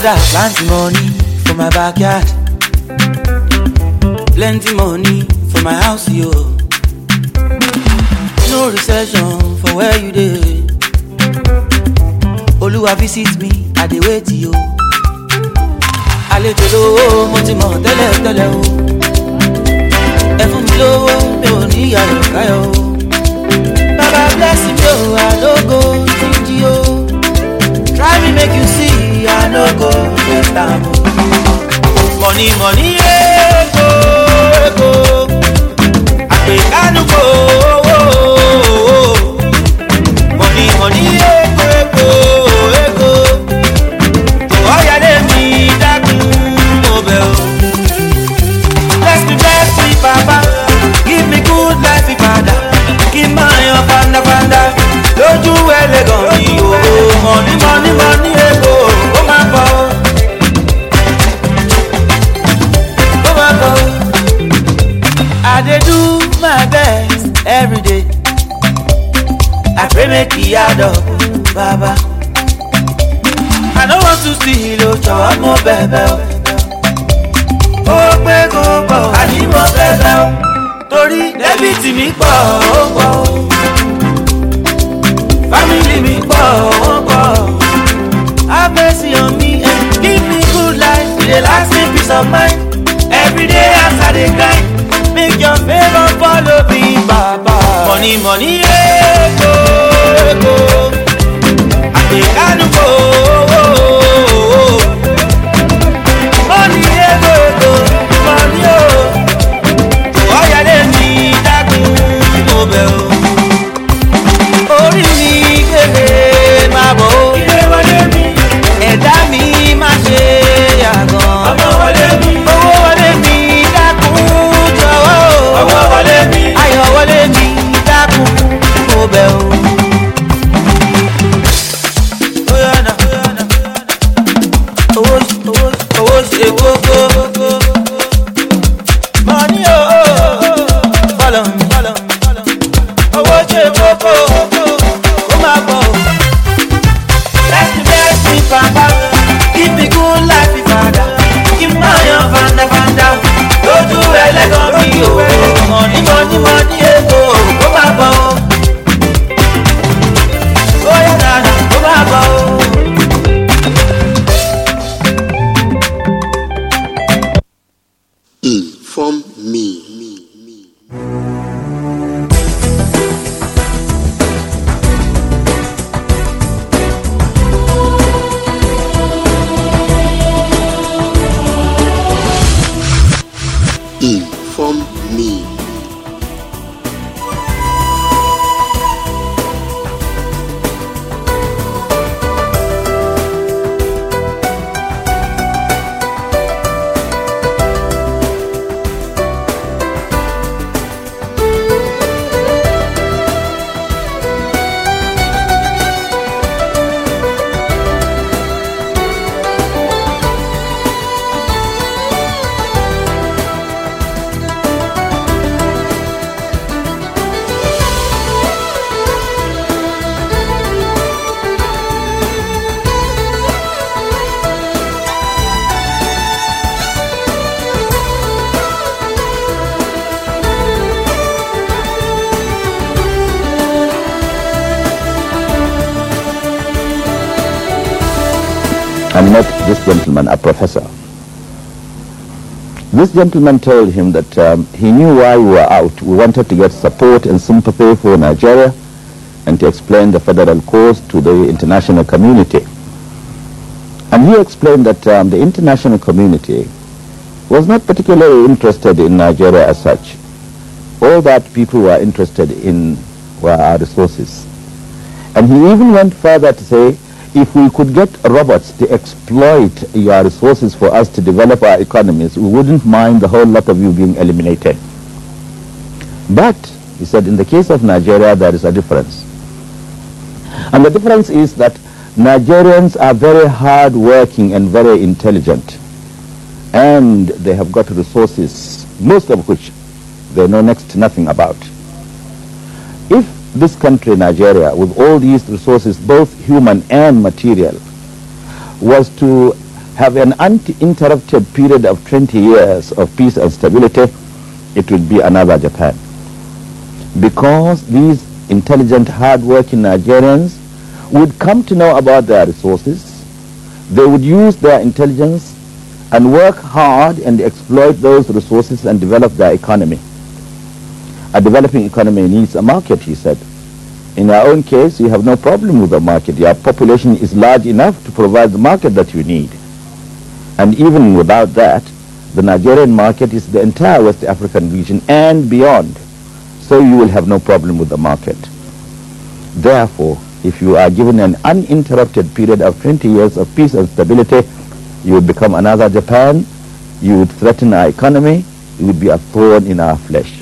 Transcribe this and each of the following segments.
father plenty money for my backyard plenty money for my house yo no recession for where you dey olúwa visit me i dey wait yo àlejò lówó mo ti mọ̀ tẹ́lẹ̀ tẹ́lẹ̀ o ẹ fún mi lówó mi ò ní ìyàyọ̀ káyọ̀ o baba bless me o i no go change o try me make you see i no go get am money money ego ego àgbékánu kò go. money money ego ego ego òwò ọ̀yàlẹ̀ mi dákun mo bẹ̀ bless me bless me Papa. give me good life ìpadà kí n máa yan fandafanda lójú ẹlẹ́gàn mi o oh, oh. money money money. make e add up baba. I don't want to see you, jọ̀wọ́ mo bẹ̀bẹ̀ o. oh, pé kó pọ̀, àní mo bẹ̀bẹ̀ o. Torí débìtì mi pọ̀ ó pọ̀ o. Fámìlì mi pọ̀ ó Have mercy on me and give me good life. E last me peace of mind. Every day I I dey grind, make your favor follow me, Baba. Money, money, yeah. go. I think I know. and met this gentleman, a professor. This gentleman told him that um, he knew why we were out. We wanted to get support and sympathy for Nigeria and to explain the federal cause to the international community. And he explained that um, the international community was not particularly interested in Nigeria as such. All that people were interested in were our resources. And he even went further to say if we could get robots to exploit your resources for us to develop our economies, we wouldn't mind the whole lot of you being eliminated. But, he said, in the case of Nigeria, there is a difference. And the difference is that Nigerians are very hard-working and very intelligent. And they have got resources, most of which they know next to nothing about. If this country, Nigeria, with all these resources, both human and material, was to have an uninterrupted period of 20 years of peace and stability, it would be another Japan. Because these intelligent, hard-working Nigerians would come to know about their resources, they would use their intelligence and work hard and exploit those resources and develop their economy. A developing economy needs a market, he said. In our own case, you have no problem with the market. Your population is large enough to provide the market that you need. And even without that, the Nigerian market is the entire West African region and beyond. So you will have no problem with the market. Therefore, if you are given an uninterrupted period of 20 years of peace and stability, you would become another Japan, you would threaten our economy, you would be a thorn in our flesh.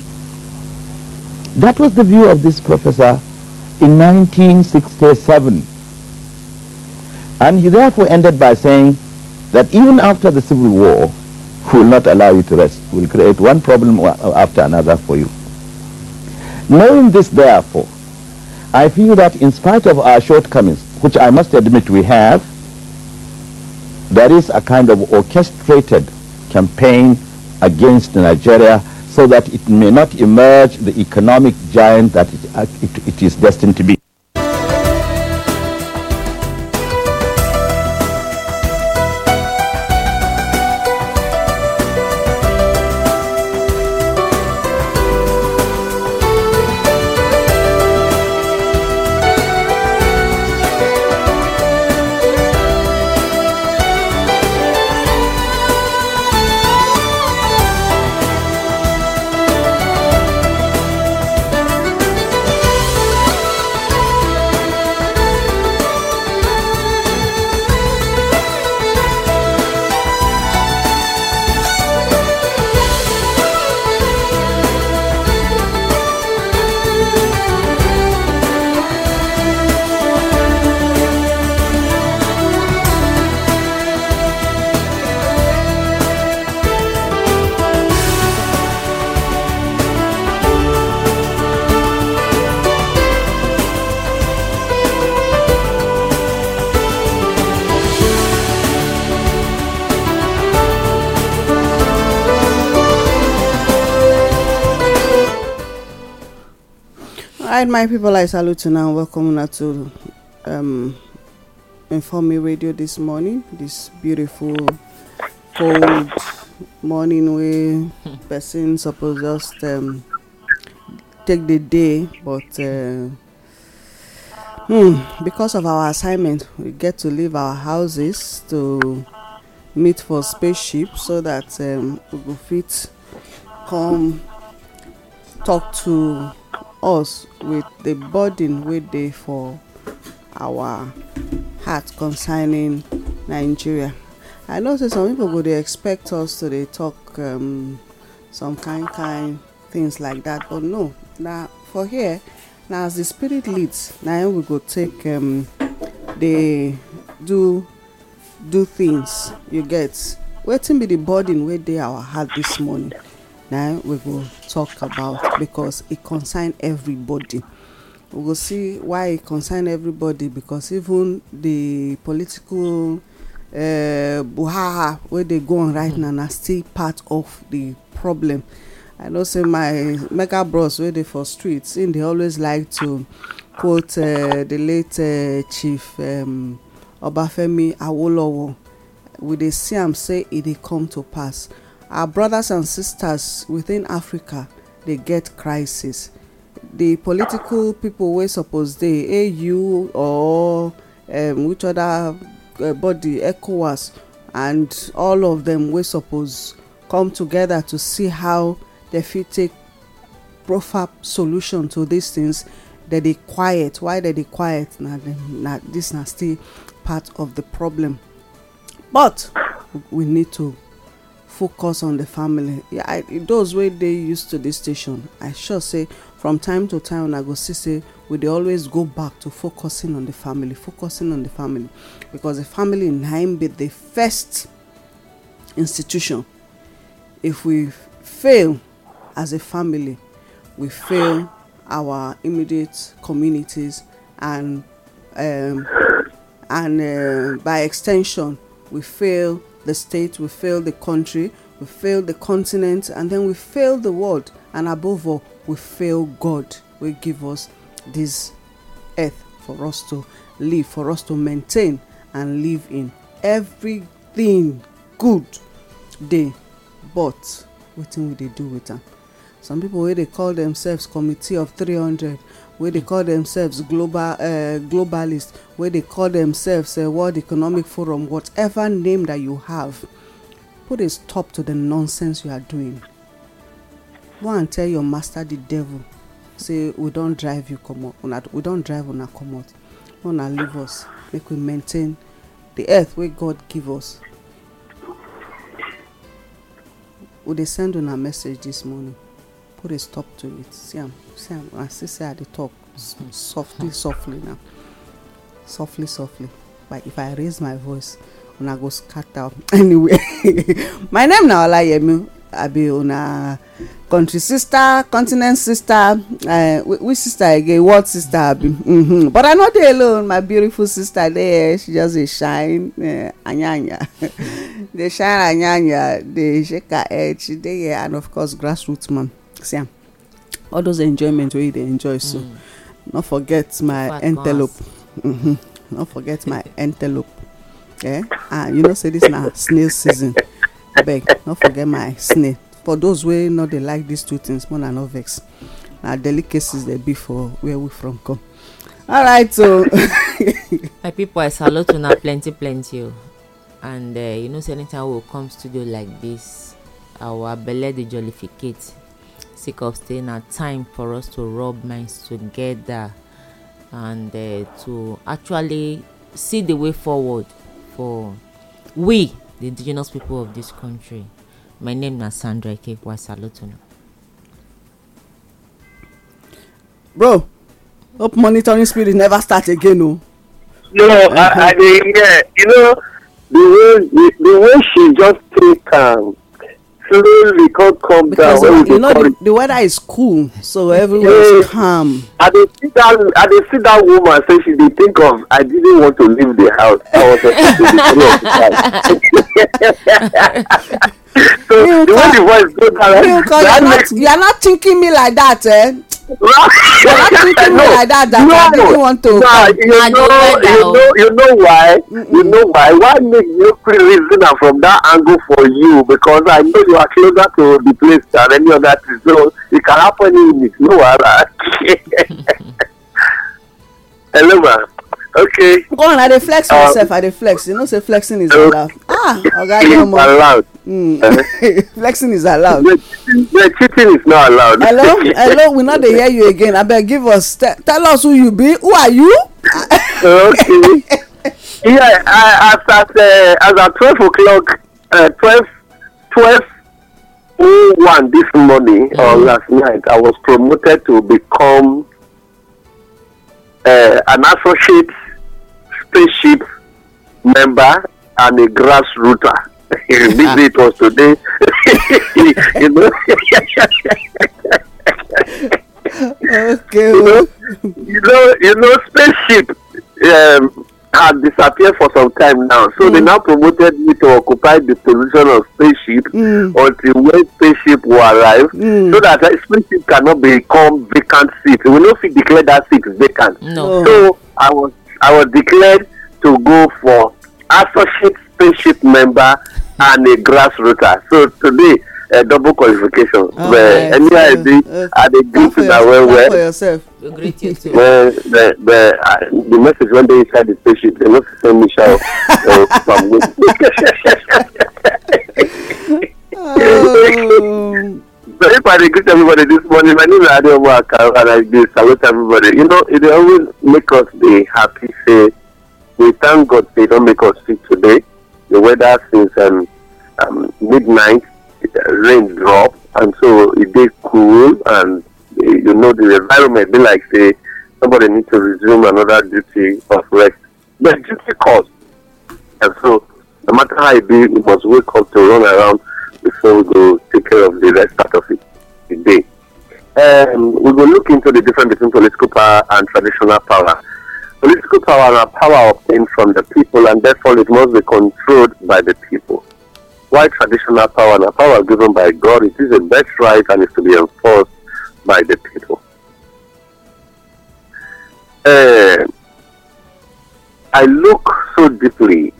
That was the view of this professor in 1967. And he therefore ended by saying that even after the Civil War, will not allow you to rest, will create one problem after another for you. Knowing this, therefore, I feel that in spite of our shortcomings, which I must admit we have, there is a kind of orchestrated campaign against Nigeria so that it may not emerge the economic giant that it, it, it is destined to be. hi my people i salute you now welcome now to um, inform me radio this morning this beautiful cold morning where person suppose just um, take the day but uh, hmm, because of our assignment we get to leave our houses to meet for spaceship so that um, we go fit come talk to us with the burden wey dey for our heart concerning nigeria i know say some people go dey expect us to dey talk um, some kind kind things like that but no na for here na as the spirit leads na im we go take um, dey do do things you get wetin be the burden wey dey our heart this morning now we will talk about because it concern everybody we will see why it concern everybody because even the political uh, eh, buhaha wey dey go on right now na still part of the problem i know say my mega bros wey dey for street him dey always like to quote uh, the late uh, chief um, obafemi awolowo we dey see am say e dey come to pass. Our brothers and sisters within Africa dey get crisis. The political people wey suppose dey AU or um, which other uh, body ECOWAS and all of them wey suppose come together to see how they fit take proper solution to these things They dey quiet why they dey quiet na na this na still part of the problem but we need to focus on the family i those way they used to this station i sure say from time to time I go see say we always go back to focusing on the family focusing on the family because the family in im be the first institution if we fail as a family we fail our immediate communities and um, and uh, by extension we fail the state, we fail the country, we fail the continent, and then we fail the world. And above all, we fail God. We give us this earth for us to live, for us to maintain and live in. Everything good day. but thing we they do with am some people where they call themselves committee of 300 wey dey call themselves global uh, globalist wey dey call themselves uh, world economic forum whatever name that you have put a stop to the nonsense you are doing go and tell your master the devil say we don drive you comot we don drive una comot una leave us make we maintain the earth wey god give us we dey send una message this morning put a stop to it see am see I still say i dey talk softly softly now softly softly but if i raise my voice una go scatter anyway my name now, na olayemi abi una country sister continent sister uh, which sister again what sister abi mm -hmm. but I'm not dey alone my beautiful sister there she just a shine uh, anyanya dey shine anyanya eh, dey shake her head she dey and of course grassroots man see all those enjoyment wey you dey enjoy so mm. no forget my antelope mm-hmm. no forget my antelope eh and ah, you know say this na snail season abeg no forget my snail for those wey no dey like these two things more na no vex na delicacies dey be for where we from come All right o my pipo i salute una plenty plenty o oh. and eh, you know say anytime we come studio like this, our belle dey jollificate sake of say na time for us to rub minds together and uh, to actually see the way forward for we the indigenous people of this country my name na sandra ikekwa salutuna. bro hope monitoring spirit never start again o. Oh. no i i dey hear you know the way the, the way she just take am slowly come calm because down. Because you know the, the, weather is cool, so everyone yeah. is calm. I did see that I did see that woman say she dey think of I didn't want to leave the house. I was afraid to be alone so you the way voice go down you, that makes you are not thinking me like that eh you are not thinking no, me like that that no, I really want to nah, you, nah, know, you, oh. know, you know why mm-hmm. you know why why make you free reason am from that angle for you because I know you are closer to the place than any other thing so it can happen in it no wahala hello ma okay go on i dey flex um, myself i dey flex you know say flexing is allowed ah oga yomo allowed hmm. eh? flexing is allowed no cheating is not allowed hello hello we no dey hear you again abeg give us tell us who you be who are you okay yeah I as at eh, as at twelve o'clock eh, twelve twelve oh one this morning mm. or last night i was promoted to become an associate spaceship member and a grass router. Maybe it was today. you know. okay. You know, you know, you know spaceship um, had disappeared for some time now. So mm. they hmm. now promoted me to occupy the position of spaceship mm. until when spaceship will arrive mm. so that uh, spaceship cannot become vacant seat. We will not declare that seat vacant. No. Oh. So I was I was declared to go for associate spaceship member and a grass grassrooter. So today, a double qualification. Oh, but anyway, so, I did, uh, I did to that well. well. for yourself. We greet you too. Well, the, the, uh, the message when they inside the spaceship, they must send me shout. uh, from oh. everybody greet everybody this morning. My name is Adam and I do salute everybody. You know, it always make us be happy. Say, we thank God they don't make us sick today. The weather since um, um, midnight, uh, rain drop, and so it cool, and uh, you know the environment be like say somebody need to resume another duty of rest. But duty calls, and so no matter how it be, we must wake up to run around before we go take care of the rest part of it today. Um, we will look into the difference between political power and traditional power. Political power are power obtained from the people, and therefore it must be controlled by the people. While traditional power and power given by God, it is a best right and is to be enforced by the people. Uh, I look so deeply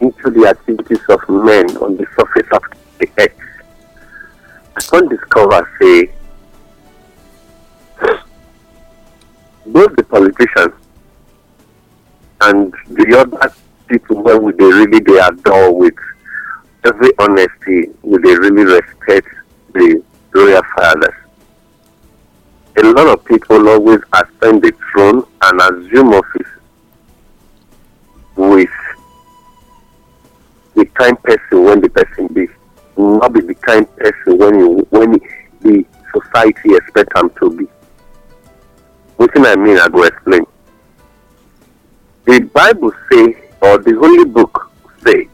into the activities of men on the surface of the earth I come discover say both the politicians and the other people when we they really they adore with every honesty, we they really respect the royal fathers. A lot of people always ascend the throne and assume office with the kind person when the person be not be the kind person when you, when the society expect him to be. What do I mean, I will explain. The Bible say, or the Holy Book say,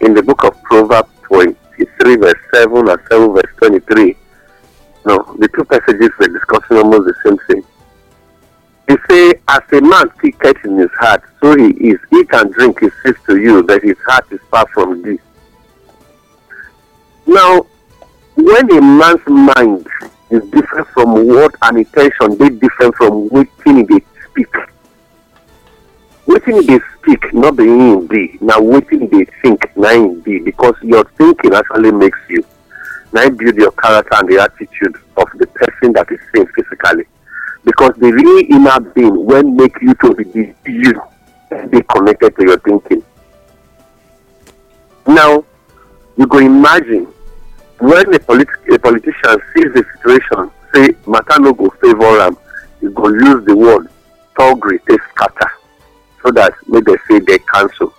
in the book of Proverbs 23 verse 7 and 7 verse 23, no, the two passages were discussing almost the same thing. He say, as a man thinketh in his heart, so he is. Eat and drink, his says to you, that his heart is far from thee. Now, when a man's mind is different from what an intention, they different from waiting they speak. Waiting they speak, not the in be. Now waiting they think, nine be, because your thinking actually makes you. nine build your character and the attitude of the person that is seen physically. Because the real inner being will make you to be you be connected to your thinking. Now you go imagine when a, politi- a politician sees the situation say matter no go favor am he go use the word thuggery take scatter so that make they say they cancel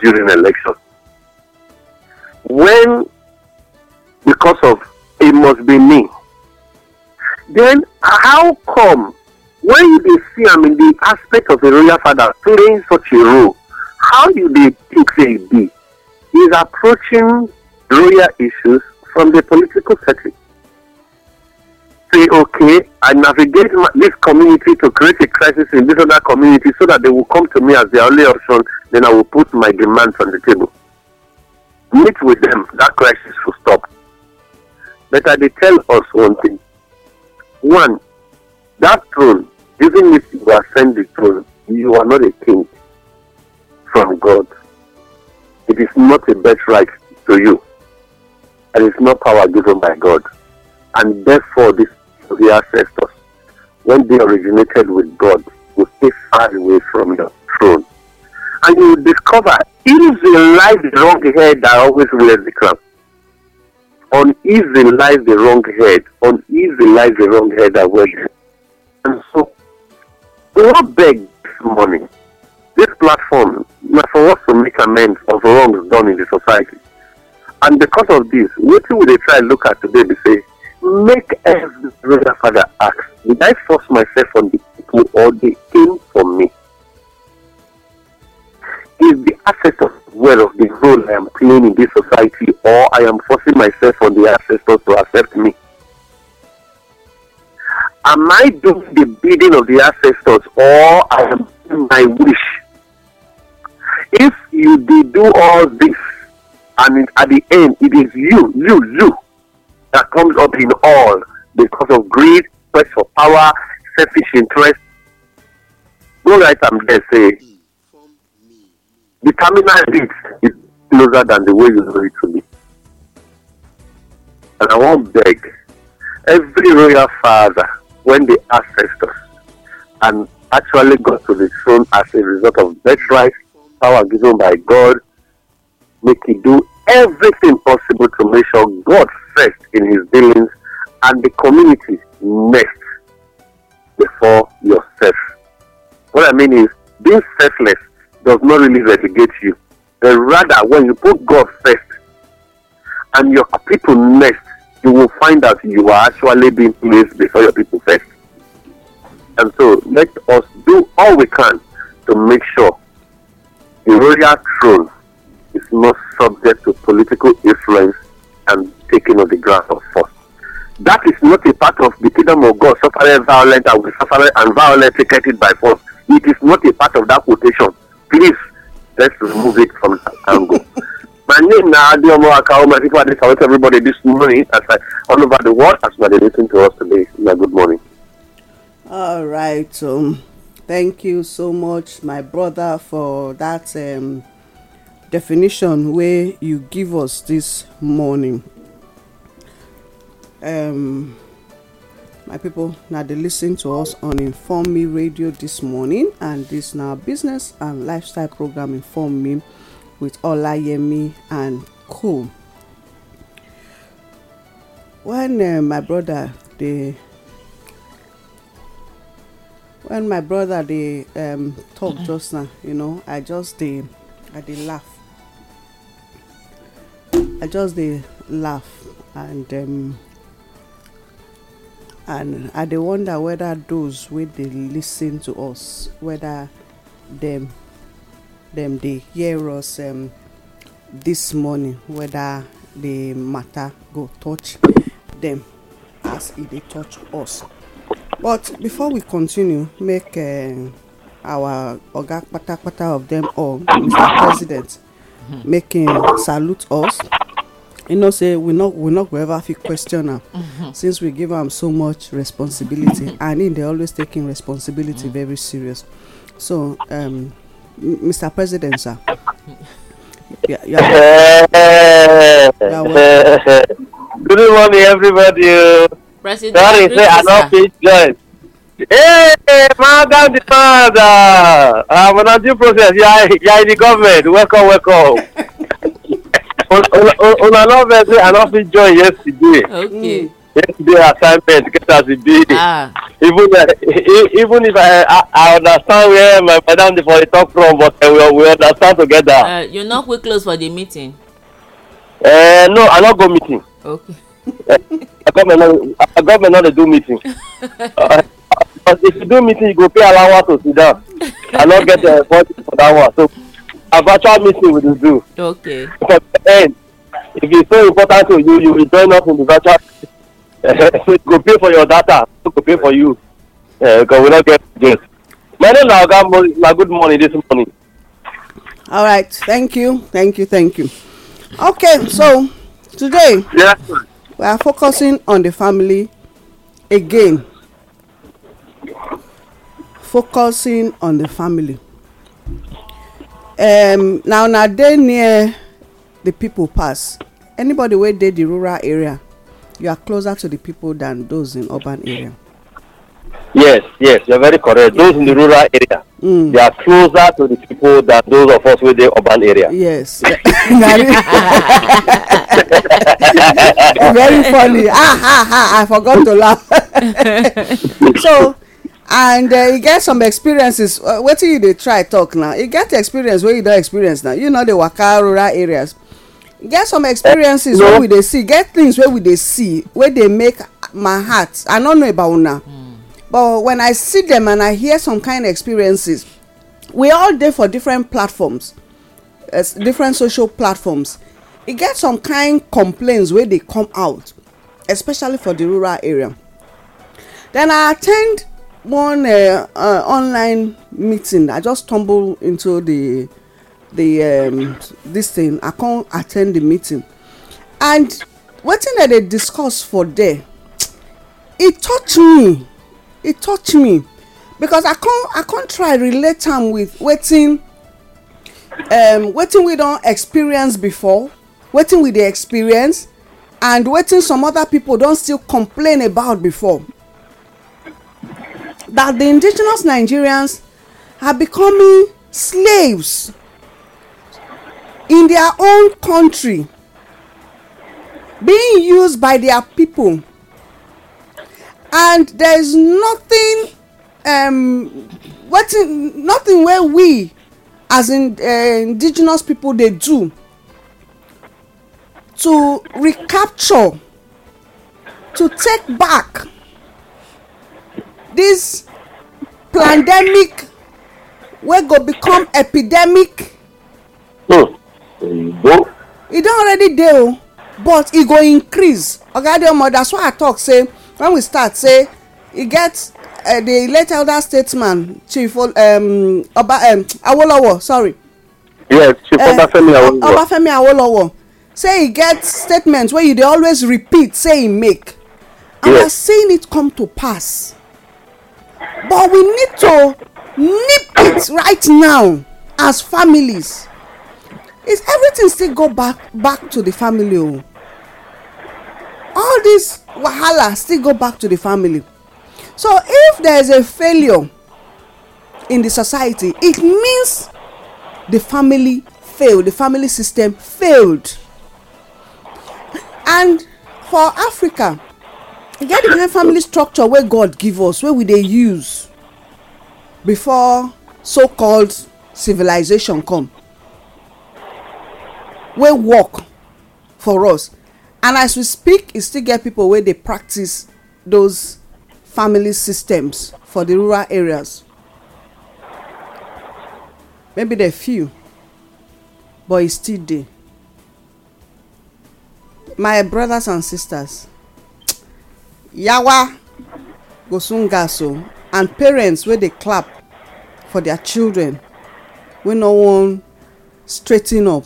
during election when because of it must be me then how come when you dey see am in the aspect of the royal father playing such a role how you dey think say e be he is approaching royal issues from the political setting. Say, okay, I navigate my, this community to create a crisis in this other community so that they will come to me as the only option, then I will put my demands on the table. Meet with them, that crisis will stop. But I they tell us one thing. One, that throne, even if you ascend the throne, you are not a king from God. It is not a birthright to you. There is no power given by God. And therefore, this, the ancestors, when they originated with God, will stay far away from your throne. And you will discover it is lies the wrong head that always wears the crown. On easy lies the wrong head. On easy lies the wrong head that wears it. And so, we all beg this morning, this platform, for us to make amends of wrongs done in the society. And because of this, what will they try and look at today? They say, make every brother father ask, did I force myself on the people or they came for me? Is the access of well of the role I am playing in this society or I am forcing myself on the ancestors to accept me? Am I doing the bidding of the ancestors or I am doing my wish? If you do all this, and at the end, it is you, you, you that comes up in all because of greed, quest for power, selfish interest. Go write am there say, the terminal date is closer than the way you know it to be. And I won't beg every royal father when the ancestors and actually got to the throne as a result of birthright power given by God make you do everything possible to make sure God first in his dealings and the community next before yourself. What I mean is, being selfless does not really relegate you, but rather when you put God first and your people next, you will find that you are actually being placed before your people first. And so let us do all we can to make sure the royal throne is not subject to political influence and taking of the ground of force. That is not a part of the kingdom of God, suffering violent and suffering and violent taken by force. It is not a part of that quotation. Please, let's remove it from that angle. My name now, Adiomo Akaoma, people I salute everybody this morning as I, all over the world as well they listen to us today. My good morning. All right. Um, thank you so much, my brother, for that um, definition wey you give us this morning um, my people Now they listen to us on inform me radio this morning and this now business and lifestyle program inform me with olayemi and co when uh, my brother the, when my brother they um, talk just now you know i just dey i did laugh i just they laugh and um, and i they wonder whether those wey they listen to us whether them them they hear us um, this morning whether the matter go touch them as if e they touch us but before we continue make uh, our oga kpatakpata of them all mr president mm-hmm. making salute us you know say we no we no go ever fit question am mm-hmm. since we give am so much responsibility mm-hmm. and im dey always take im responsibility mm-hmm. very serious so um, mr president sir yeah, yeah. yeah, good morning everybody o sorry say i no fit join hey madam the father uh, manager process you are in the government welcome welcome una no vex say i no fit join yesterday okay. yesterday assignment get as e be even even if i i understand where my madam dey for dey talk from but we we understand together. Uh, you no quick close for the meeting. Uh, no i no go meeting. okay. our government no government no dey do meeting. Uh, but if you do meeting you go pay allowance to sit down i no get uh, budget for that one so a virtual meeting we dey do. okay. for the end if e so important to you you will join us in the virtual so you go pay for your data so go pay for you uh, because we no get again. my name na oga na good morning this morning. all right thank you thank you thank you okay so today. Yeah. we are focusing on the family again focusing on the family um, now na dey near the people pass anybody wey dey the rural area you are closer to the people than those in urban area. yes yes you are very correct yes. those in the rural area. Mm. they are closer to the people than those of us wey dey urban area. yes very funny ah ah ah i forgot to laugh so and e get some experiences uh, wetin you dey try talk now e get experience wey you don experience now you know dey waka rural areas get some experiences wey we dey see get things wey we dey see wey dey make my heart i no know about una hmm. but when i see them and i hear some kind experiences we all dey for different platforms different social platforms e get some kind complaints wey dey come out especially for the rural area then i at ten d one uh, uh, online meeting i just stumble into the the um, this thing i come attend the meeting and wetin i dey discuss for there e touch me e touch me because i come i come try relate am with wetin um, wetin we don experience before wetin we dey experience and wetin some other people don still complain about before that the indigenous Nigerians are becoming slaves in their own country being used by their people and there is nothing um, wetin nothing where we as in uh, indigenous people they do to recapture to take back This pandemic wey go become epidemic hmm. No, e don already dey o but e go increase oga adeomo that's why i talk say when we start say e get eh, the late elder statesman chief um, oba um, awolowo sorry yes chief eh, obafemi awolowo obafemi awolowo say e get statement wey you dey always repeat say e make and we are seeing it come to pass but we need to nip it right now as families is everything still go back back to the family o oh? all this wahala still go back to the family so if there is a failure in the society it means the family failed the family system failed and for africa e get the kind family structure wey god give us wey we dey use before so called civilization come wey work for us and as we speak e still get people wey dey practice those family systems for the rural areas maybe dem few but e still dey my brothers and sisters yawa go gosungaso and parents wey dey clap for their children wey no wan straighten up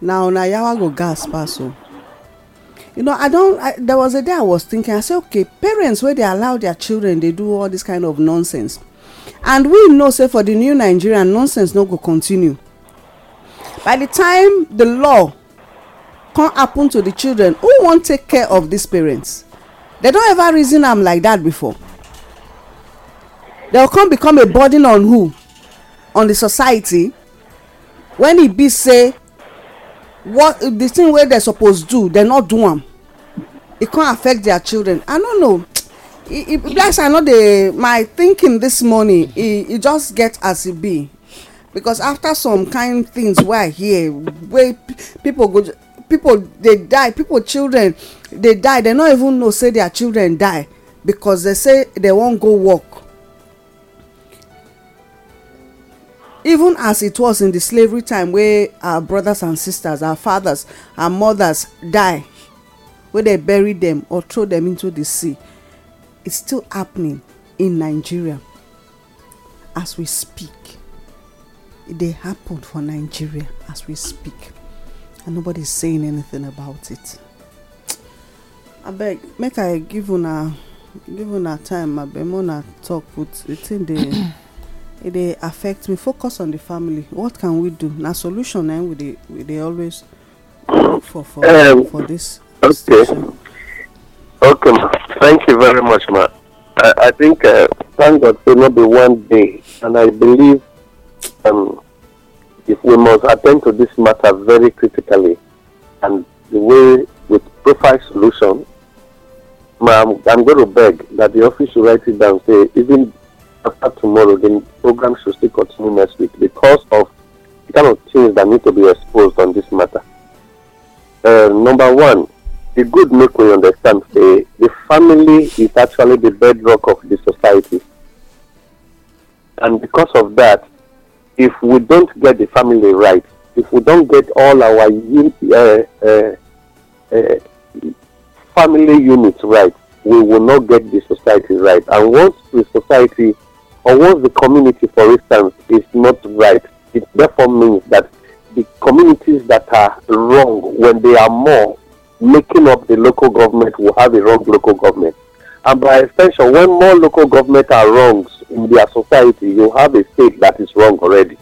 na una yawa go gas pass o oh. you know i don I, there was a day i was thinking i say okay parents wey dey allow their children dey do all this kind of nonsense and we know say for the new nigeria nonsense no go continue by the time the law come happen to the children who wan take care of these parents They don't ever reason am like that before dem come become a burden on who on the society when e be say what the thing wey dem suppose do they no do am e come affect their children i no know e e bless i no dey my thinking this morning e e just get as e be because after some kind things wey i hear wey people go people dey die people children They die They no even know say their children die because they say will wan go work even as it was in the slavery time wey our brothers and sisters our fathers our mothers die wey they bury them or throw them into the sea it's still happening in nigeria as we speak it dey happen for nigeria as we speak and nobody is saying anything about it abeg make i give una give una time abeg make una talk put the thing dey e dey affect me focus on the family what can we do na solution eh? we dey we dey always look for for um, for this okay. station. okay ma thank you very much ma i i think uh, thank god say no be one day and i believe um, if we must attend to this matter very critically and the way with profile solution I'm, I'm going to beg that the office should write it down say, even after tomorrow, the program should still continue next week because of the kind of things that need to be exposed on this matter. Uh, number one, the good make we understand say the family is actually the bedrock of the society. And because of that, if we don't get the family right, if we don't get all our uh, uh, uh family unit right, we will not get the society right. And once the society or once the community, for instance, is not right, it therefore means that the communities that are wrong, when they are more, making up the local government will have a wrong local government. And by extension, when more local government are wrongs in their society, you have a state that is wrong already.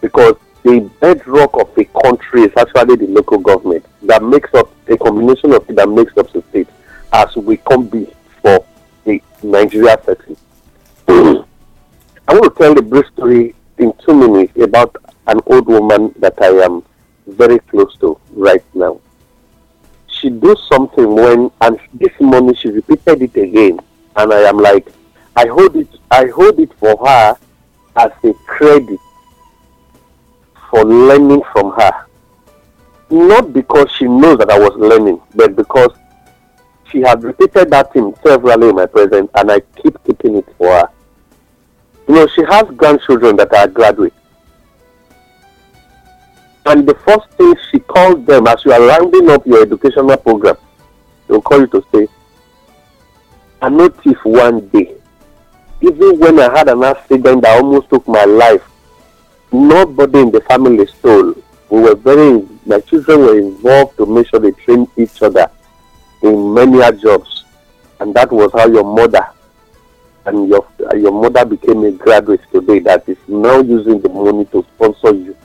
Because the bedrock of the country is actually the local government that makes up a combination of that makes up the state as we can be for the Nigeria setting. I want to tell a brief story in two minutes about an old woman that I am very close to right now. She does something when, and this morning she repeated it again, and I am like, I hold it, I hold it for her as a credit for learning from her. Not because she knows that I was learning, but because she had repeated that thing several in my presence and I keep keeping it for her. You know, she has grandchildren that are graduates. And the first thing she calls them as you are rounding up your educational program, they'll call you to say, I noticed one day, even when I had an accident that almost took my life, nobody in the family stole. We were very, my children were involved to make sure they trained each other in many jobs. And that was how your mother and your, your mother became a graduate today that is now using the money to sponsor you.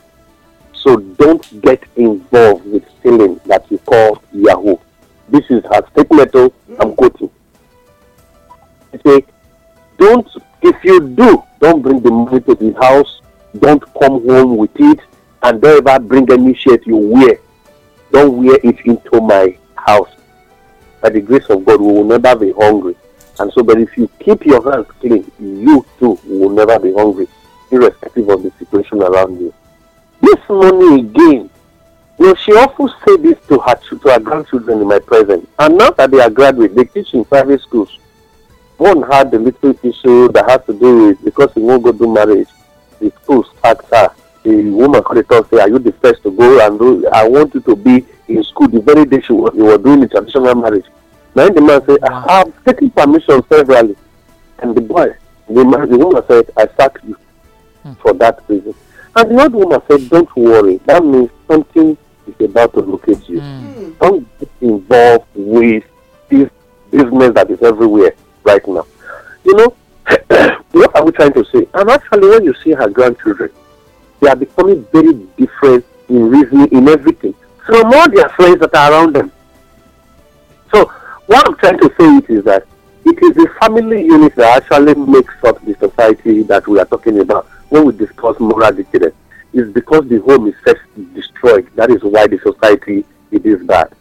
So don't get involved with stealing that you call Yahoo. This is her statement, oh, I'm mm. quoting. Say, don't, if you do, don't bring the money to the house don't come home with it and don't ever bring any shirt you wear. Don't wear it into my house. By the grace of God, we will never be hungry. And so, but if you keep your hands clean, you too will never be hungry, irrespective of the situation around you. This morning again, you know, she often said this to her to her grandchildren in my presence. And now that they are graduates, they teach in private schools. One had the little issue that has to do with because he won't go do marriage. the schools asked the woman creator say, Are you the first to go and do I want you to be in school the very day she was, you were doing the traditional marriage. Now the man say, I have taken permission severally. And the boy, the man, the woman said, I sack you hmm. for that reason. And the old woman said, Don't worry, that means something is about to locate you. Hmm. hmm. Don't get involved with this business that is everywhere right now. You know, what are we trying to say? And actually, when you see her grandchildren, they are becoming very different in reasoning, in everything, from all their friends that are around them. So, what I'm trying to say it is that it is the family unit that actually makes up the society that we are talking about when we discuss moral decadence. It's because the home is first destroyed. That is why the society it is bad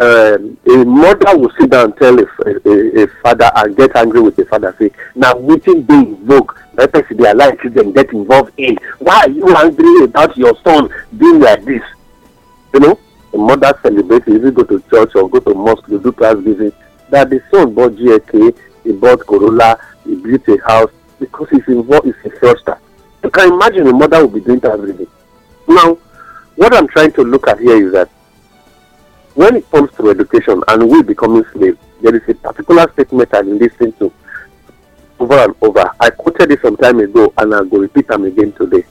um, a mother will sit down and tell a, a, a father and get angry with the father say na wetin dey invoke that person dey allow children get involved in why are you angry about your son being like this you know a mother celebrate if you go to church or go to mosque to do class visit that the son bought gak he bought corolla he built a house because he's involved he's a fraudster you can imagine a mother will be doing that every day now what i'm trying to look at here is that when it comes to education and we becoming slaves, there is a particular statement I listening to over and over. I quoted it some time ago and I'll go repeat them again today.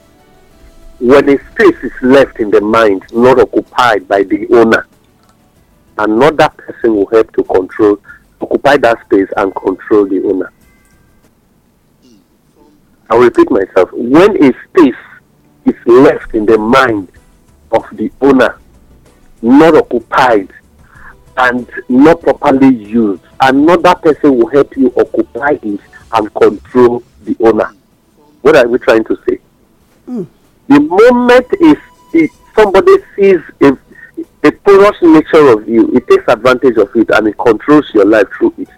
When a space is left in the mind not occupied by the owner, another person will help to control, occupy that space and control the owner. I'll repeat myself. When a space is left in the mind of the owner, not occupied and not properly used, another person will help you occupy it and control the owner. What are we trying to say? Mm. The moment if, if somebody sees a, a porous nature of you, it takes advantage of it and it controls your life through it.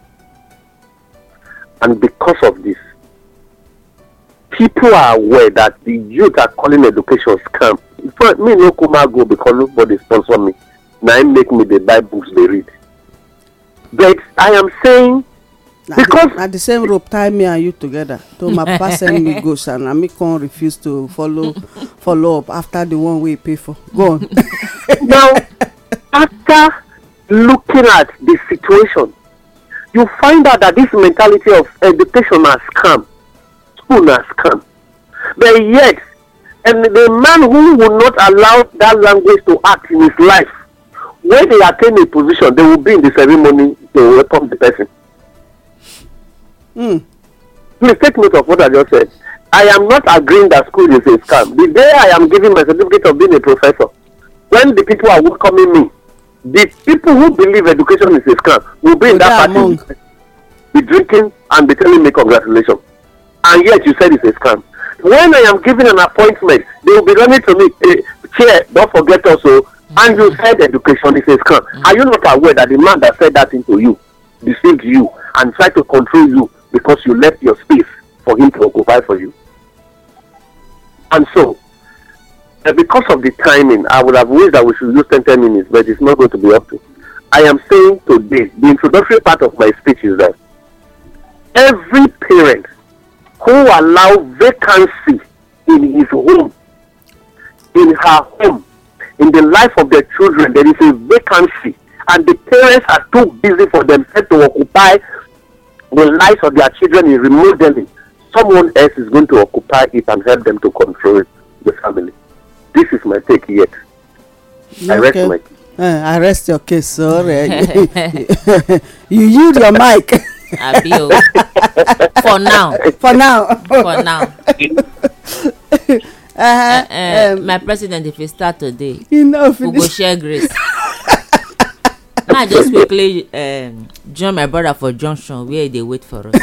And because of this, people are aware that the youth are calling education scam. in fact me no come out go because nobody sponsor me na him make me dey buy books dey read but i am saying because na the same rope tie me and you together so my papa send me go sha na me con refuse to follow follow up after the one wey he pay for go on. now after looking at the situation you find out that this mentality of education na scam school na scam but yet And the man who will not allow that language to act in his life, when they attain a position, they will be in the ceremony, they will welcome the person. Mm. Please take note of what I just said. I am not agreeing that school is a scam. The day I am giving my certificate of being a professor, when the people are welcoming me, the people who believe education is a scam will be in that, party. Be drinking and be telling me congratulations. And yet you said it's a scam when I am giving an appointment, they will be running to me, hey, eh, Chair, don't forget also, mm-hmm. and you said education is a scam. Mm-hmm. Are you not aware that the man that said that into you deceived you and tried to control you because you left your space for him to occupy for you? And so, uh, because of the timing, I would have wished that we should use 10, 10 minutes, but it's not going to be up to. I am saying today, the introductory part of my speech is that every parent who allow vacancy in his home, in her home, in the life of their children. There is a vacancy, and the parents are too busy for themselves to occupy the lives of their children in remodeling. Someone else is going to occupy it and help them to control the family. This is my take yet. Okay. I rest my. Uh, I rest your case already. you use your mic àbí o for now for now for now uh-huh. uh, um, my president if you start today you we go share grace now i just quickly um, join my brother for junction where he dey wait for us uh,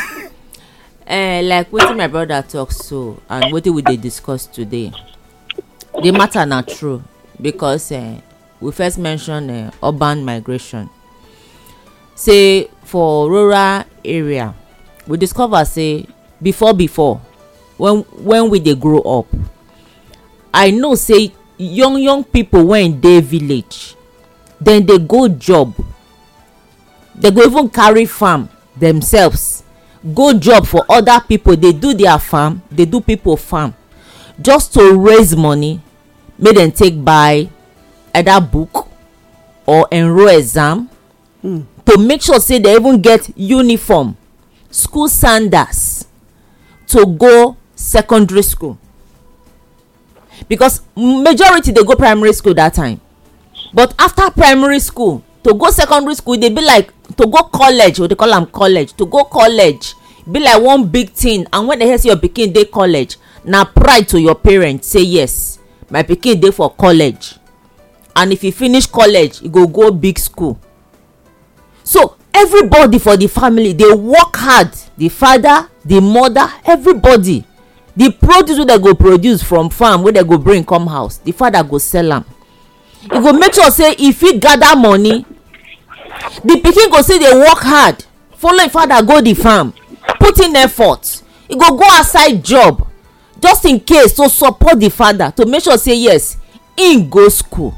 like wetin my brother talk so and wetin we dey discuss today the matter na true because uh, we first mention uh, urban migration say for rural area we discover say before before when when we dey grow up i know say young young people wey dey village dem dey go job dem go even carry farm themselves go job for other people dey do their farm dey do people farm just to raise money make dem take buy either book or enroll exam mm to make sure say they even get uniform school sandals to go secondary school because majority dey go primary school that time but after primary school to go secondary school dey be like to go college or they call am college to go college be like one big thing and when they hear say your pikin dey college na pride to your parents say yes my pikin dey for college and if e finish college e go go big school so everybody for the family dey work hard the father the mother everybody the produce wey dem go produce from farm wey dem go bring come house the father go sell am e go make sure say e fit gather money the pikin go still dey work hard follow im father go the farm put in effort e go go outside job just in case to support the father to make sure say yes im go school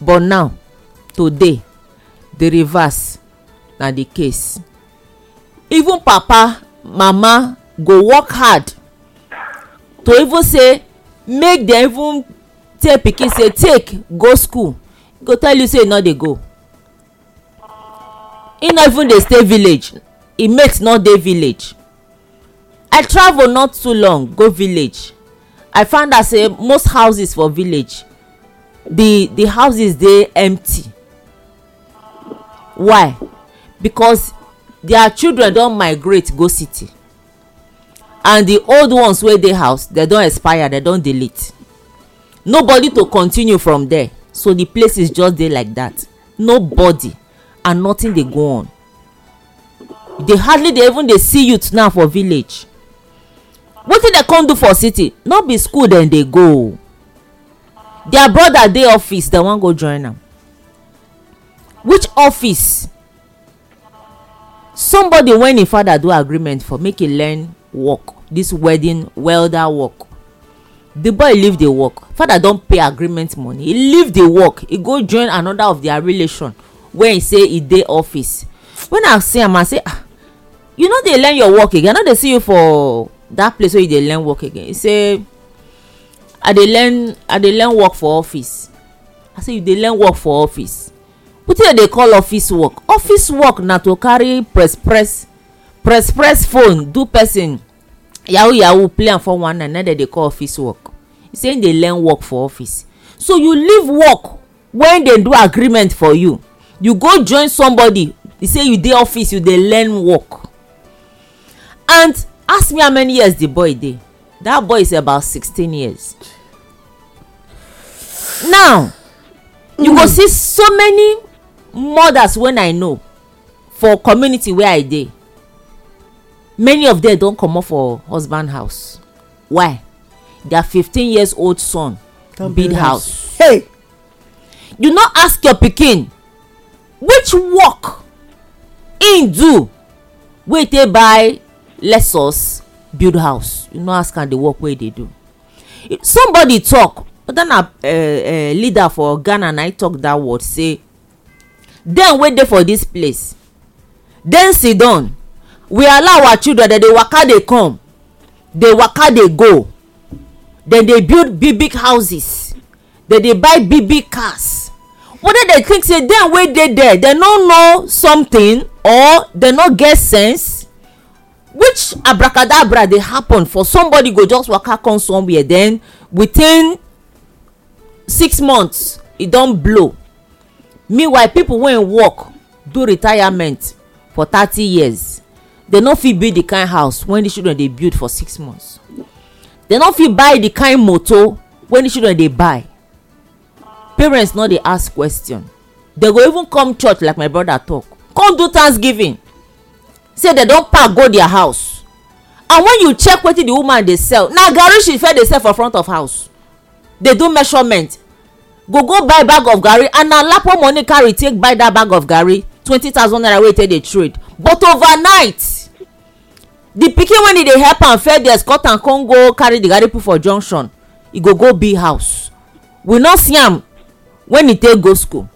but now today the reverse na the case even papa mama go work hard to even say make dem even tell pikin say take go school e go tell you say e no dey go e no even dey stay village e mate no dey village i travel not too long go village i find out say most houses for village the the houses dey empty why because their children don migrate go city and the old ones wey dey house dem don expire dem don delete nobody to continue from there so the places just dey like that nobody and nothing dey go on They hardly dey even dey see youth now for village wetin dem come do for city no be school dem dey go their brother dey office dem wan go join am which office somebody when him father do agreement for make he learn work this wedding welder work the boy leave the work father don pay agreement money he leave the work he go join another of their relation wey he say he dey office when i see am i say ah you no dey learn your work again i no dey see you for that place wey you dey learn work again he say i dey learn i dey learn work for office i say you dey learn work for office wetin dem dey call office work office work na to carry press press press press phone do person yahoo yahoo play am for one night na dem dey call office work he say him dey learn work for office so you leave work when dem do agreement for you you go join somebody he say you dey office you dey learn work and ask me how many years the boy dey that boy is about sixteen years now you mm. go hmm. see so many mothers wen i know for community wey i dey many of dem don comot for husband house why their fifteen years old son build house hey you no ask your pikin which work im do wey e take buy lexus build house you no ask am the work wey e dey do somebody talk whether na eh, eh, leader for ghana na e talk that word say dem wey dey for dis place dem siddon we allow our children dem dey waka dey come dey waka dey go dem dey build big big houses dem dey buy big big cars whether dem think say dem wey dey there dem no know something or dem no get sense which abracadabra dey happen for somebody go just waka come somewhere then within six months e don blow meanwhile people wey work do retirement for thirty years dem no fit build the kind house wey di children dey build for six months dem no fit buy the kind motor wey di children dey buy parents no dey ask question dem go even come church like my brother talk come do thanksgiving say dem don pack go their house and when you check wetin the woman dey sell na garri she first dey sell for front of house dey do measurement go go buy bag of garri and na lapo money carry take buy that bag of garri twenty thousand naira wey he take dey trade but overnight the pikin wey he dey help am fed. dey escort am come go carry the garri put for junction e go go b house we no see am when e take go school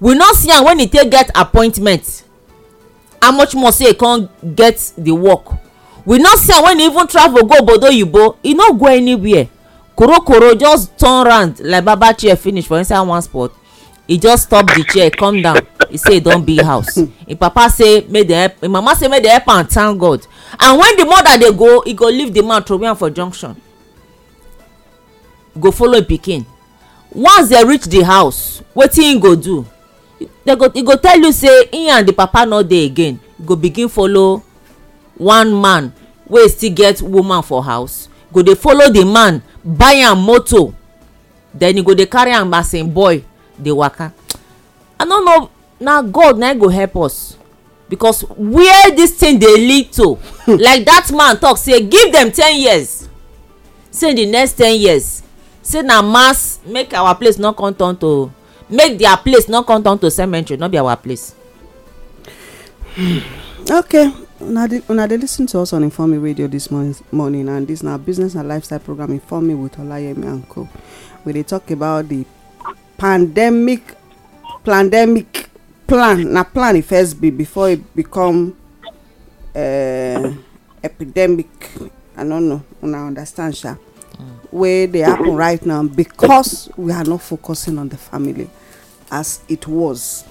we no see am when e take get appointment how much more say e come get the work we no see am when e even travel go obodo oyibo e no go anywhere korokoro just turn round like baba chair finish for inside one spot He just stop the chair come down He say e don build house im papa say make dem help im mama say make dem help am thank god and when the mother dey go he go leave the man throway am for junction go follow im pikin once dem reach the house wetin he go do dem go He go tell you say he and the papa no dey again go begin follow one man wey still get woman for house go dey follow the man buy am motor then e go dey carry am as im boy dey waka i no know na god na go help us because where this thing dey lead to like that man talk say give them ten years say the next ten years say na mass make our place no come turn to make their place no come turn to cemetery no be our place. okay una dey listen to us on informe radio this morning and dis na business and lifestyle program informe with olayemi and co we dey talk about the pandemic pandemic plan na plan e first be before e become eh, epidemic i no know una understand sha wey dey happen right now because we are not focusing on the family as it was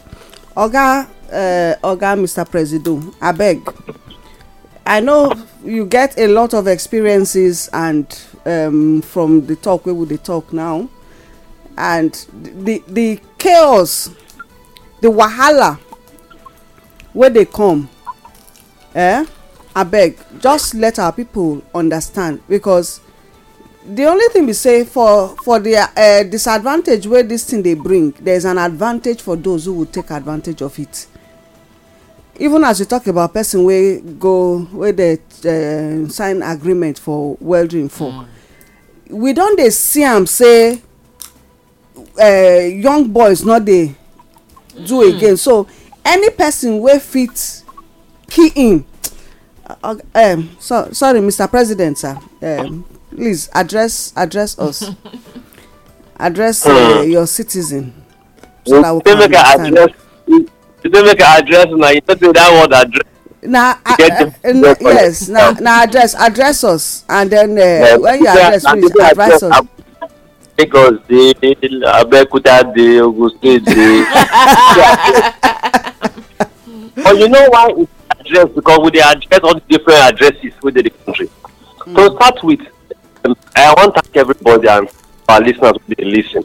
oga Uh, oga mr presido abeg i know you get a lot of experiences and um, from the talk wey we dey talk now and the the chaos the wahala wey dey come eh abeg just let our people understand because the only thing be say for for the uh, disadvantage wey this thing dey bring there is an advantage for those who would take advantage of it even as we talk about person wey go wey dey uh, sign agreement for welding for mm. we don dey see am say uh, young boys no dey do mm. again so any person wey fit key in uh, um, so, sorry mr president sir um, please address address us address uh, your citizen so that we can understand. Address today make an address Now you don't do that word address. na uh, uh yes na na address address us and then uh, yeah, when you address please address us. Lagos dey Abeokuta dey Ogun State dey. But you know why it's address because we dey address all the different addresses wey dey the country. Mm. To start with, um, I wan thank everybody and our listeners wey dey lis ten.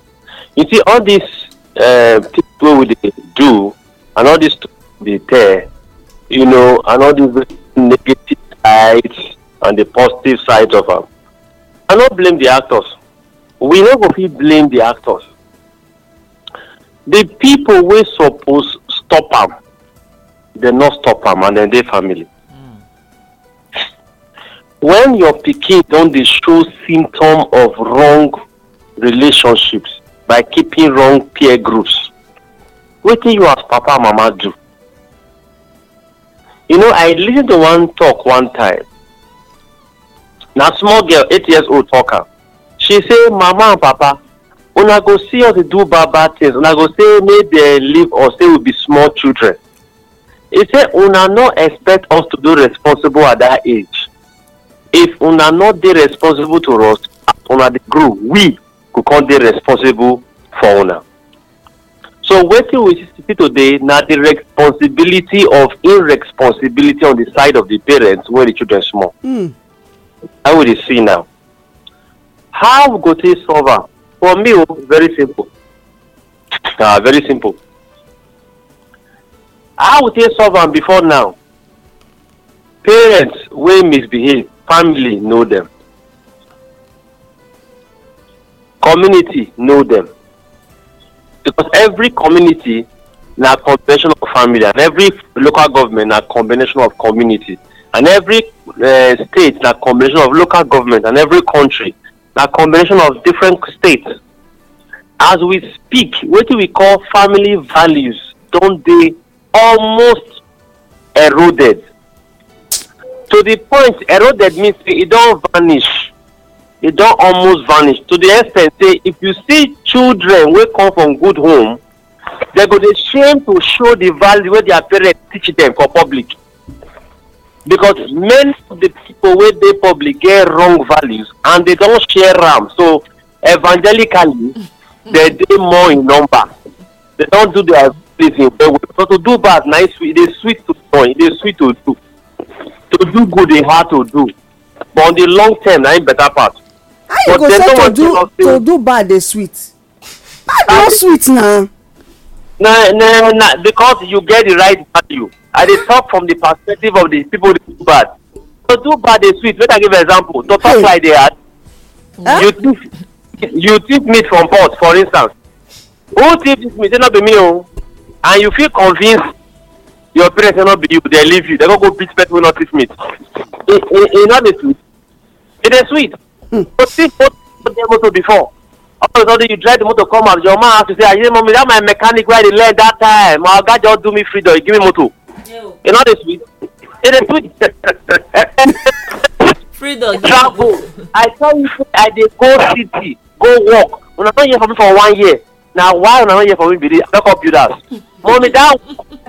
You see all these uh, things wey we dey do and all this they tear, you know, and all these negative sides and the positive sides of them. I not blame the actors. We never blame the actors. The people were supposed stop them, they not stop them and then they family. Hmm. When your pikin don dey show symptom of wrong relationships by keeping wrong peer groups, wetin you as papa and mama do you know i lis ten to one talk one time na small girl eight years old talk am she say mama and papa una go see us dey do bad bad things una go say make dem leave us say we be small children e say una no expect us to dey responsible at that age if una no dey responsible to us as una dey grow we go come dey responsible for una so wetin we see today na the responsibility of irresponsibility on the side of the parents wey the children small hmm. how we dey see now how we go take solve am for me o oh, very simple ah very simple how we take solve am before now parents wey misbehave family know them. community know them because every community na combination of family and every local government na combination of community and every uh, state na combination of local government and every country na combination of different states as we speak wetin we call family values don dey almost eroded to the point eroded mean say e don vanish e don almost vanish to the extent say if you see children wey come from good home dem go dey shame to show the value wey dia parents teach them for public because many of the people wey dey public get wrong values and they don share am so evangelically they dey more in number They don do their reason well well so to do bad na e, e dey sweet to do e dey sweet to do to do good dey hard to do but on the long term na e better path how you go say to do to do bad dey sweet bad no sweet na. na na na because you get the right value i dey talk from the perspective of the people dey do bad to do bad dey sweet make i give example to talk hey. like they had huh? you thief you thief meat from pot for instance who thief this meat say no be me o oh. and you feel convinced your parents say no be you They leave you They go go beat person wey no thief meat e, e e e no dey sweet e dey sweet Hmm. But see, what the motor before. All of a sudden, you drive the motor come out. Your man has to say, "Aye, mommy, that my mechanic where they learn that time. My guy just do me freedom. He give me motor. Ew. You know this sweet. It is sweet. freedom. Travel. I tell you, I dey go city, go work. Una don hear from me for one year. Na why una don hear from me be this? I don come build house. Mommy, that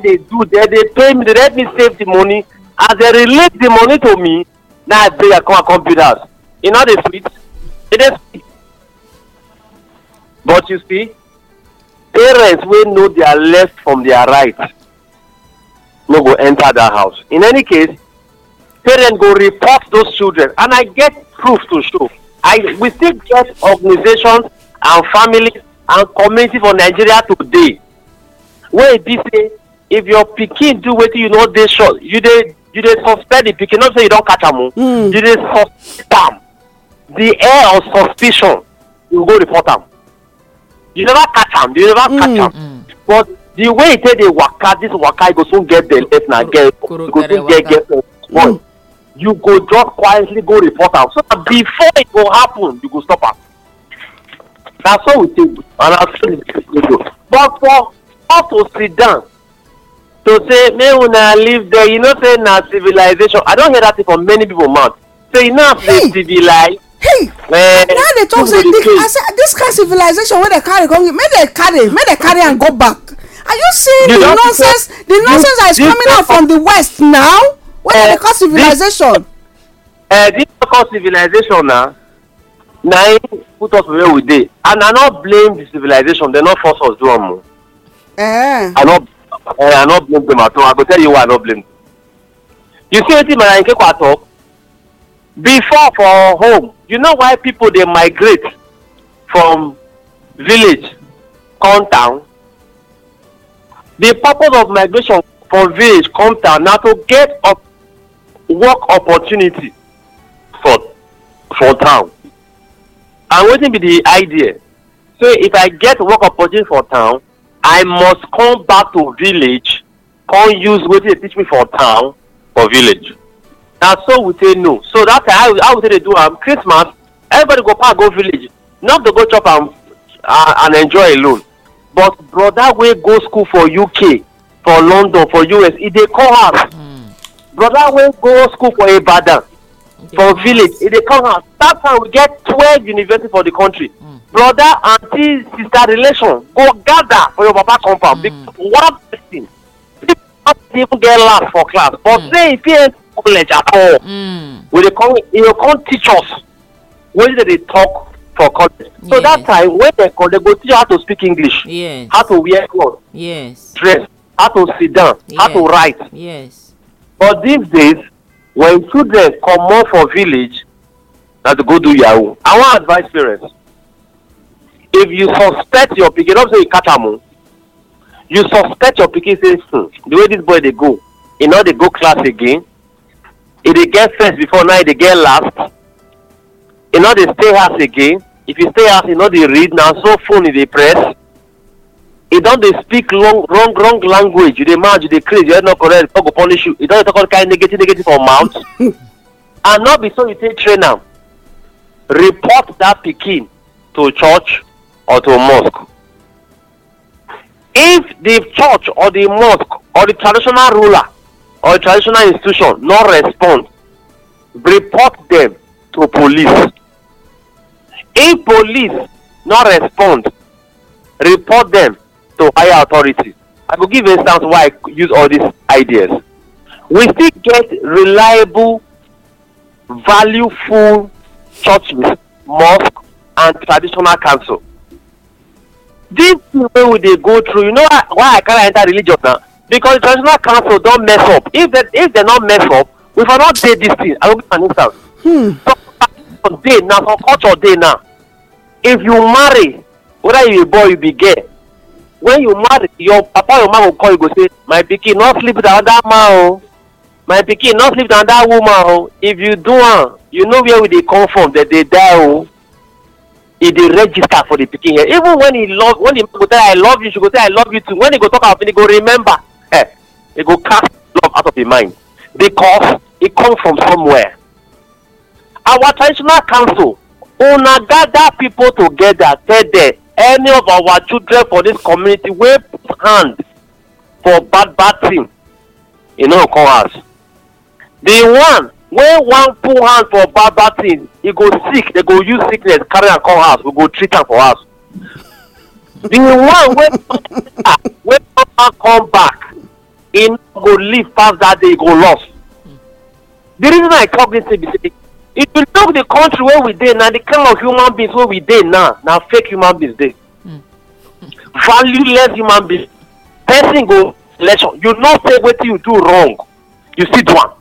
dey do there dey pay me dey help me save the money as dem release the money to me na i beg i come i come build house e no dey sweet e dey sweet but you see parents wey know their left from their right no go enter that house in any case parents go report those children and i get proof to show i we still get organizations and families and community for nigeria today wey be say if your pikin do wetin you no dey sure you dey you dey suspect the pikin not say you don catch am o hmm. you dey suspect am the air of suspicion you go report am you never catch am you never catch mm. am mm. but the way e take dey waka this waka e go soon get the left na get e go soon get get boy mm. you go just quietly go report am so that before it go happen you go stop am na so we take and na so we take go but for us to sit down to say make una live there you know say na civilization i don hear that thing from many people mouth say you know say civilize hey man now they talk say this kind of civilization wey dey carry come make dey carry make dey carry am go back are you seeing the nonsense the nonsense that is coming out from the west now wey dey eh, call civilization. Eh, this so called civilization na na im put us where we dey and i no blame the civilization dem no force us do am o. Eh. i no i no blame dem at all i go tell you why i no blame dem. you see wetin mara nkekwa talk before for home you know why people dey migrate from village come town the purpose of migration from village come town na to get up work opportunity for for town and wetin be the idea so if i get work opportunity for town i must come back to village come use wetin dey teach me for town for village na so we take know so that time how we take dey do am um, christmas everybody go pack go village not to go chop am uh, and enjoy alone but brother wey go school for uk for london for us e dey call house hmm. brother wey go school for ibadan for village e dey call house that time we get twelve university for the country hmm. Brother, auntie sister relation go gather for your papa compound hmm. one person people no even get laugh for class but say e fit knowledge at all mm. we dey come e go come teach us wetin dem dey talk for college so that time when dem come dem go teach you how to speak english yes. how to wear cloth yes. dress how to sit down yes. how to write yes. but these days when children comot for village na to go do yahoo i wan advise parents if you suspect your pikin don't say you catch am o you suspect your pikin say hmm the way this boy dey go e no dey go class again e dey get first before now e dey get last e no dey stay house again if e stay house e no dey read na so phone e dey press e don dey speak long wrong wrong language you dey mad you dey craze your head no correct god go punish you e don dey talk all kind negative negative for mouth and no be so you take train am report that pikin to church or to mosque if the church or the mosque or the traditional ruler or traditional institution no respond report them to police if police no respond report them to higher authorities i go give instance why i use all these ideas we still get reliable valueful churches mosque and traditional council this thing wey we dey go through you know why i carry enter religion now because traditional council don mess up if they if they no mess up we for no dey dis thing i go give an instance. Hmm. so dey na for culture dey now if you marry whether you be boy you be girl when you marry your papa your mama go call you go say my pikin no sleep with another man o oh. my pikin no sleep with another woman o oh. if you do am you know where we dey come from dem dey die o oh. e dey register for the pikin head even when he love when he go tell her i love you she go say i love you too when he go talk am he go remember air. It will cast love out of the mind because it comes from somewhere. Our traditional council, una gather people together, tell them any of our children for this community wey put hand for bad bad thing, You e know, come house. The one when one put hand for bad bad thing, he go sick, They go use sickness carry am come house, we go treat am for us. The one when when come back e no go live pass that day e go loss the reason i talk this thing be say if you look di country wey we dey na The kind of human beings wey we dey now na fake human beings dey hmm. valueless human beings person go election you know say wetin you do wrong you still do am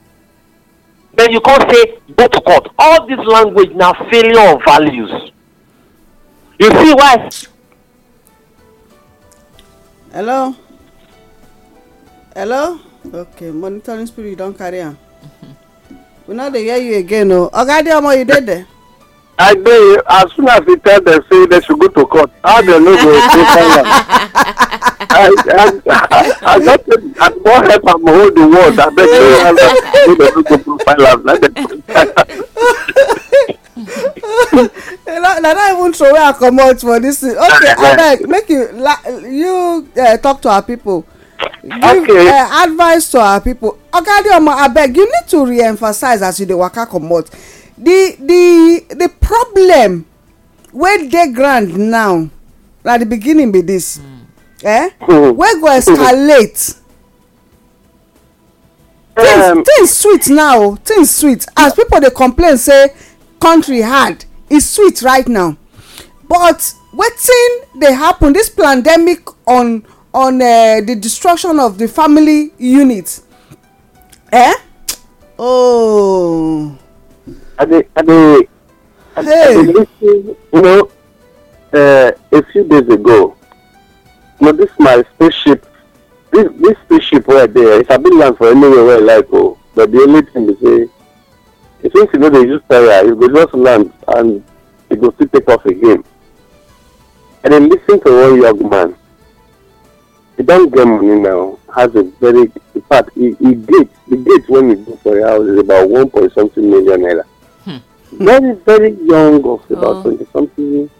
then you come say go to court all this language na failure of values you see why hello hello okay monitoring spirit don carry am we no dey hear you again o oh. oga adeomo you dey there. i dey as soon as he tell dem say dem should go to court how dem no go go find am i i i just say i wan help am hold the world abeg no allow make dem no go go find am let dem go find am. na not even throw away her comot for dis thing okay abeg make you you uh, talk to her people give uh, advice to our people. oga adeoma abeg you need to re-emphasize as you dey waka comot the the the problem wey dey ground now na the beginning be this hmm. eh hmm. wey go escalate things um, things sweet now things sweet as people dey complain say country hard e sweet right now but wetin dey happen this pandemic on on uh, the destruction of the family unit eh oh. i dey i dey i dey you know uh, a few days ago you know this my spaceship this this spaceship right there—it's a sabi land for anywhere where i like oh, but the only thing be say since you no dey use tire you go just land and you go still take off again And then lis to one young man he don get money now has a very in fact he he gate the gate when he do for a house is about one point something million naira hmm. very very young of about twenty oh. something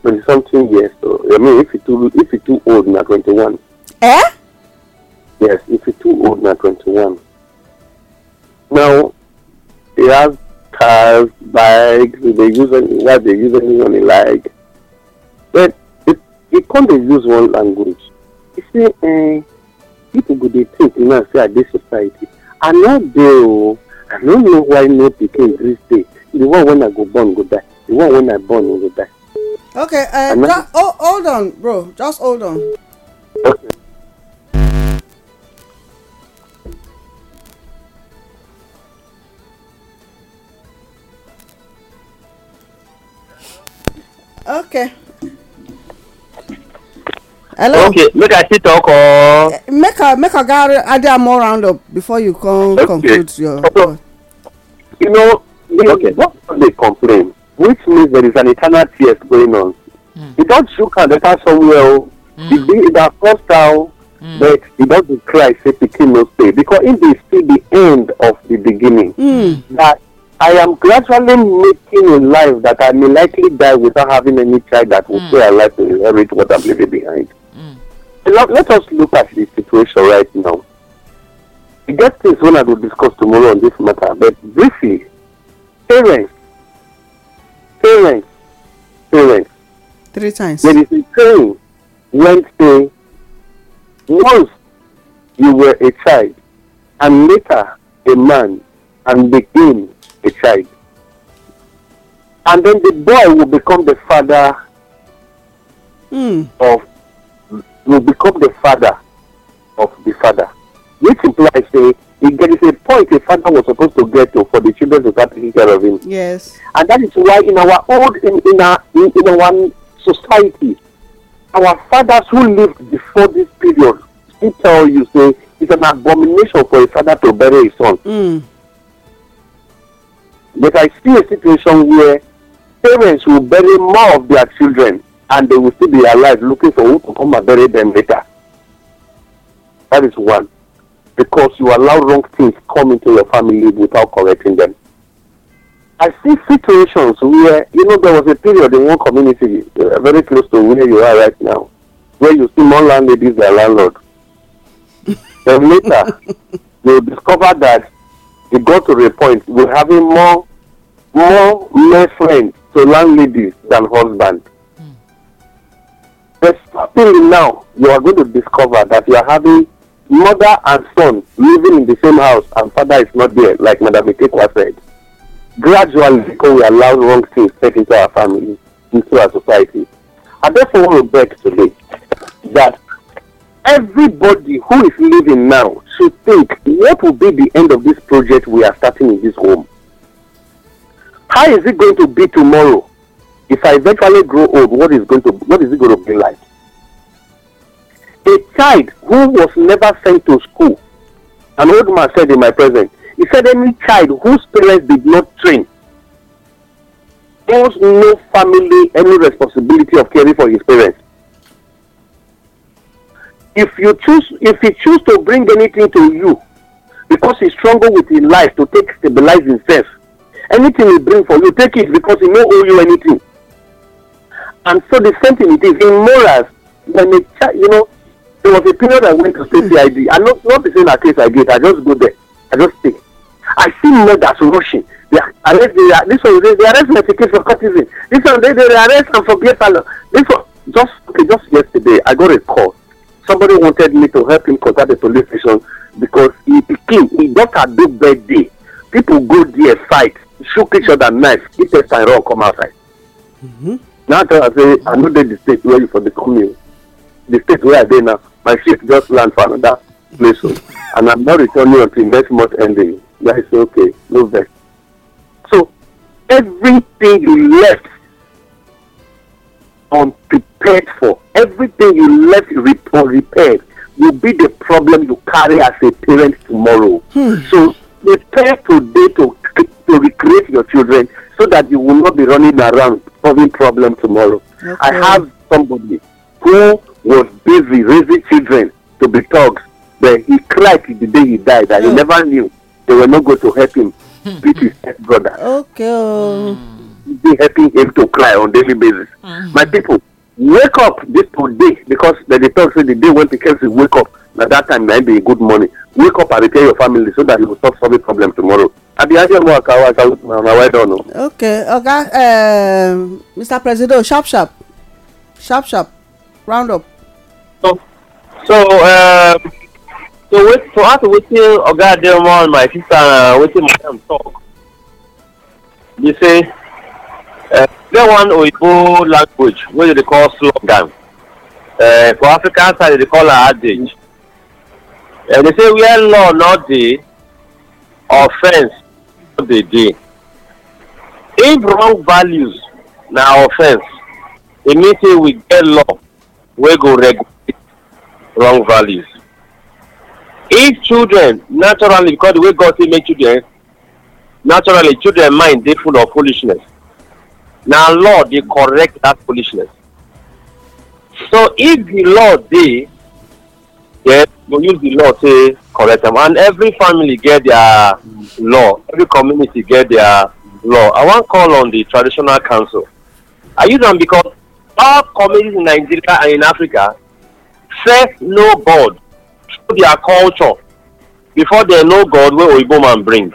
twenty something years so i mean if he too if he too old na twenty-one. Eh? yes if he too old na twenty-one now he has cars bikes they use any why they use only like but it he come dey use one language say eh, people go dey think now say i dey society i no dey oo i no know why no pikin gree stay the one wen i go born go die the one wen i born go die. okay uh, eh, that, oh, hold on bro just hold on. Okay. okay hello okay make i still talk or. make i make i gather add more round up before you come okay. conclude your report. you know you okay. what dey complain which means there is an eternal tears going on mm. you don chook hand enter somewhere o oh. mm. Hmm. the day that first down mm. but you don dey cry say pikin no stay because e dey see the end of the beginning mm. that I am gradually making a life that I may likely die without having any child that will mm. stay alive to inherit what I'm leaving behind. let, let us look at the situation right now. We get things when I will discuss tomorrow on this matter, but briefly, parents, parents, parents. Three times. There is a saying Wednesday, once you were a child, and later a man, and became a child. And then the boy will become the father mm. of will become the father of the father which implies say there is a point a father was supposed to get to for the children to start taking care of him. Yes. And that is why in our old in, in our in, our society, our fathers who lived before this period still tell you say it's an abomination for a father to bury his son. Mm. But I see a situation where parents will bury more of their children and they will still be alive looking for who to come and bury them later. That is one. Because you allow wrong things come into your family without correcting them. I see situations where, you know, there was a period in one community uh, very close to where you are right now, where you see more landladies than landlord. then later, you discover that you got to the point we're having more, more, more friends to landladies than husbands. But certainly now, you are going to discover that you are having mother and son living in the same house and father is not there, like Madam Ikekwa said. Gradually, because we allow wrong things take into our family, into our society. I therefore want to beg today that everybody who is living now should think what will be the end of this project we are starting in this home? How is it going to be tomorrow? If I eventually grow old, what is going to what is it going to be like? A child who was never sent to school, an old man said in my presence, he said any child whose parents did not train owes no family any responsibility of caring for his parents. If you choose, if he choose to bring anything to you, because he struggled with his life to take stabilize himself, anything he bring for you, take it because he no owe you anything. And so the same thing it is in morals. When a child, you know, there was a period I went to state CID. I'm not, not the same as case I get. I just go there. I just stay. I see murders rushing. They arrest, they, this one, they, they arrest Mexican for courtesy. This one, they, they arrest and forget. This one, just, okay, just yesterday, I got a call. Somebody wanted me to help him contact the police station because he became, he got a big birthday. People go there, fight, shoot each other knife, keep a sign, run, come outside. Mm-hmm now tell am say i no dey the state where you for dey come here the state where i dey now my ship just land for another place o and i'm not returning until next month ending guy say okay no vex so everything you left unprepared for everything you left unrepaired will be the problem you carry as a parent tomorrow hmm. so prepare today to to recreate your children so that you will not be running around solving problem tomorrow. Okay. I have somebody who was busy raising children to be thugs, but he cried the day he died, and oh. he never knew they were not going to help him beat hmm. his brother. Okay. Be oh. hmm. helping him to cry on daily basis. Mm-hmm. My people, wake up this today because the thugs talk say the day when pikin wake up na that time na be good morning wake up and repair your family so that you will stop solving problem tomorrow abiyanse mu akawa salute ma ma well done o. Oh. okay oga okay. um, eh, mr presido sharp sharp sharp sharp round up. so so um, so wait so after wetin oga adeoma and my sister uh, my madam talk be say uh, get one oyibo language wey dem dey call slogan uh, for Africa, side dem dey call am adage uh, they say where law no dey offence all dey dey if wrong values na offense e mean say we get law wey go regulate wrong values if children naturally because the way god say make children naturally children mind dey full of foolishness na law dey correct that foolishness so if the law dey then go use the law say correct am and every family get their law every community get their law i wan call on the traditional council i use am because all communities in nigeria and in africa first no god through their culture before they know god wey oyibo man bring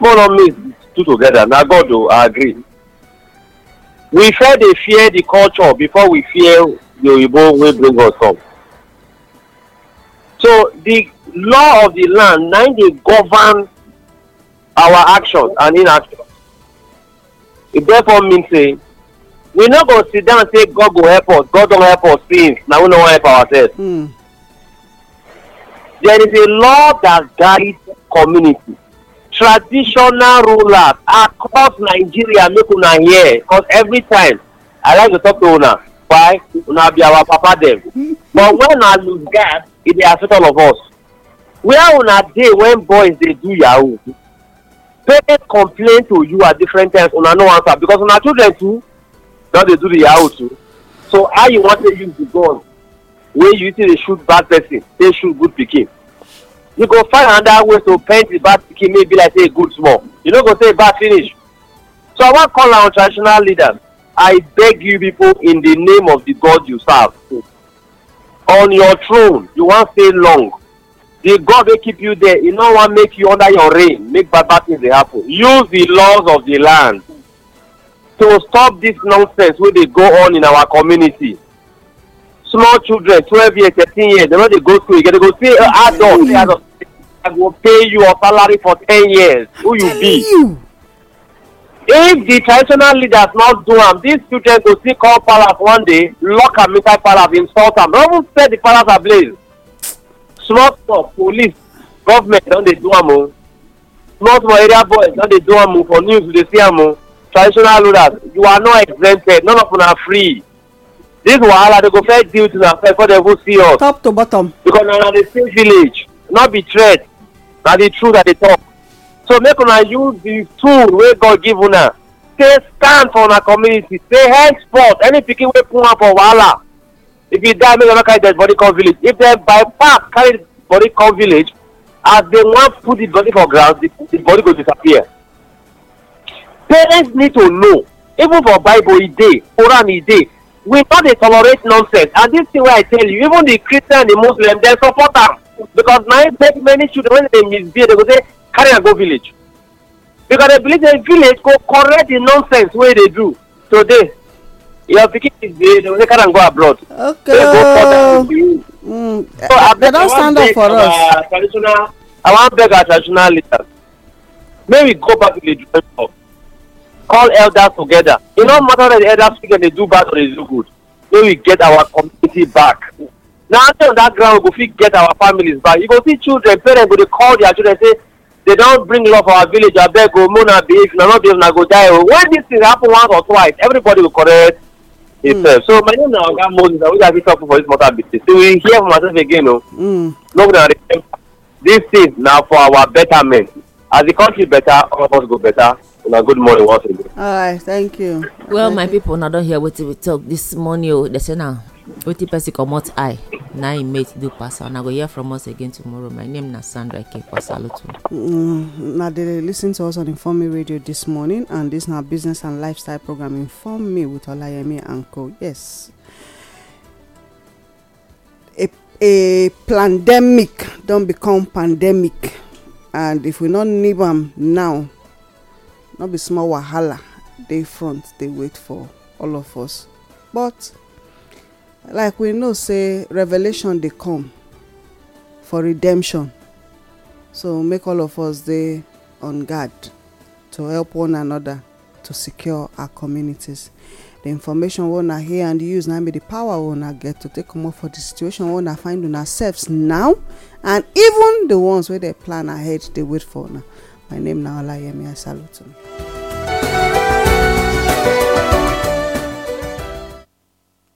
no no mix two together na god o oh, i agree we first dey fear the culture before we fear the oyibo wey bring us come so the law of the land na dey govern our actions and inactions e therefore mean say we no go sit down say god go help us god don help us since na we no wan help ourselves hmm. there is a law that guides community traditional rulers across nigeria make una hear because every time i like to talk to una why una be our papa dem but when I lose guard e dey affect all of us where una dey when boys dey do yahoo parents complain to you at different times una no answer because una children too don dey do the yahoo too so how you wan take use the gun wey you take dey shoot bad person take shoot good pikin you go find another way to paint the bad pikin make e be like say e good small you no go say e bad finish so i wan call our traditional leaders i beg you people in the name of the god you serve on your throne you wan stay long the god wey keep you there He no wan make you under your reign make bad bad things dey happen use the laws of the land to stop this nonsense wey dey go on in our community small children twelve years thirteen years dem no dey go school again dem go say adult say adult i go pay you your salary for ten years who you be if the traditional leaders no do am these children go still call palace one day lock am inside palace insult am no even set the palace ablaze small small police government don dey do am o small small area boys don dey do am o for news we dey see am o traditional rulers you are not exempted none of una free this wahala dey go first deal with una first before dem even see us. top to bottom. because na na the same village no be threat na the truth i dey talk so make una use the tool wey god give una take stand for una community say henceforth any pikin wey put hand for wahala if you die make dem no carry dead body come village if dem by park carry body come village as dem wan put the body for ground the, the body go disappear parents need to know even for bible e dey quran e dey we no dey tolerate nonsense and this thing wey i tell you even the christian and the muslim dem support am because na im make many children wey dey misbehave dey go say carry am go village because dem believe say village go correct the nonsense wey dey do today your pikin is the eh, only carry am go abroad. okay ooo eh, mm. so abeg i don stand up for us. i wan beg our traditional leaders make we go back to the drawing board call elders together e no matter whether the elders figure they do bad or they do good make we get our community back na after on that ground we go fit get our families back you go see children parents go dey call their children say they don bring love for our village abeg o oh, mo na behave na no behave na go die o oh. when this thing happen once or twice everybody go correct itself. Mm. So my name na Oga Moses. I wish I fit talk for this matter before. So we hear from ourselves again o. Oh. Mm. No be remember this thing now for our betterment. As the country better, all of us go better. Una good morning once again. All right, thank you. Well, thank my you. people, now don't hear what we talk this morning o. Oh. Dey say na wetin person comot eye na im mate do pass out. una go hear from us again tomorrow my name na sandra ekekwasalutu. Mm, na dey lis ten to us on inform radio this morning and this na business and lifestyle program inform me with olayemi and co yes. A, a pandemic don become pandemic and if we no nib am now no be small wahala dey front dey wait for all of us but like we know say revelation dey come for redemption so make all of us dey on guard to help one another to secure our communities the information wey una hear and use na be the power wey una get to take comot for the situation wey una find una selves now and even the ones wey dey plan ahead dey wait for una my name na olayemi i salute una.